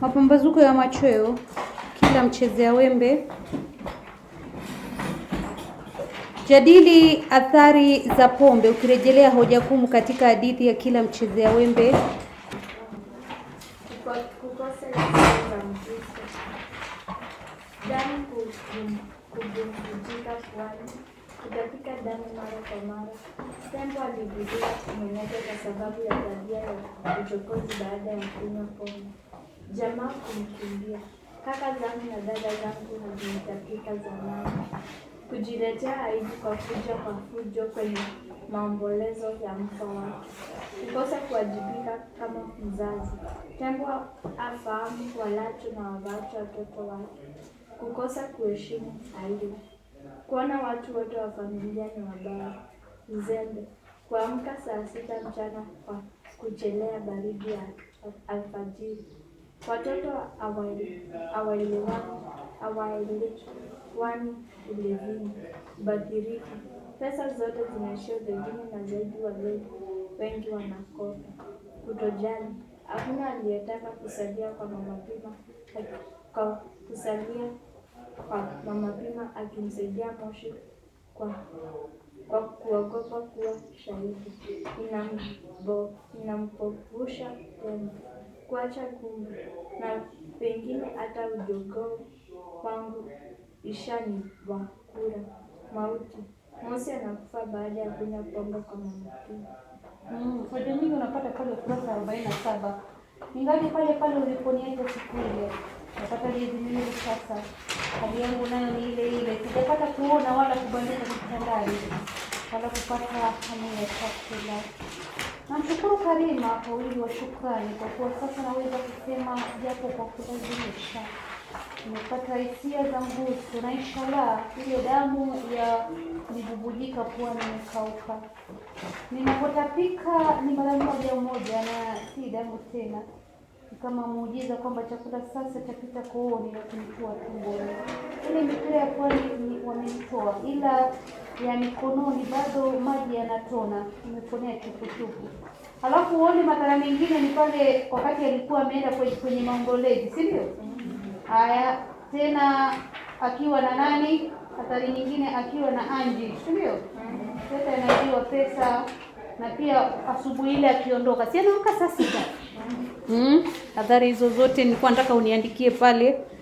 Mapambazuko ya machweo kila mchezea wembe. Jadili athari za pombe ukirejelea hoja kuu katika hadithi ya kila mchezea wembe. Tembo alivuliwa kwa sababu ya tabia ya uchokozi baada ya kunywa pombe. Jamaa kumkimbia. kaka zangu na dada zangu hazimtapika zamani, kujiletea aibu kwa kuja kwa fujo kwenye maombolezo ya mfa wake, kukosa kuwajibika kama mzazi, tembo afahamu walacho na wavaacho watoto wake, kukosa kuheshimu aibu, kuona watu wote wa familia ni wabaya, uzembe, kuamka saa sita mchana kwa kuchelea baridi ya alfajiri. Watoto hawaelewani ulezini. Ubadhirifu: pesa zote zinaishia zengine na zaidi wazee wengi wanakopa. Kutojali: hakuna aliyetaka kusalia kwa Mama Pima akimsaidia Moshi kwa kuogopa kuwa shahidi. Inamkopusha tena kuacha kumbe, na pengine hata ujogoo wangu ishanibakura. Mauti Mosi anakufa baada ya kunywa pombe kwa maambukizi. Mm, nyingi unapata pale ukurasa arobaini na saba ningali pale pale uliponiacha siku ile. Napata miezi miwili sasa, hali yangu nayo ni ile ile, sijapata kuona wala kubandika kitandani wala kupata hamu ya chakula. Namshukuru Karima kwa wingi wa shukrani kwa kuwa sasa naweza kusema japo kwa kulazimisha. Nimepata hisia za mguso na inshallah ile damu ya nibubujika kuwa nimekauka. Ninapotapika ni mara moja moja na si damu tena. Kama muujiza kwamba chakula sasa chapita kooni na kunitoa tumboni. Ile mipira ya kwani wamenitoa ila ya mikononi bado maji yanatona, umeponea chupuchupu. Alafu uone madhara mengine ni pale wakati alikuwa ameenda kwenye maongolezi, si ndio? Haya, tena akiwa na nani, hatari nyingine akiwa na anji, si ndio? Sasa anaibiwa pesa na pia asubuhi ile akiondoka, si anaamka saa sita. Hadhari hmm? hizo zote nilikuwa nataka uniandikie pale.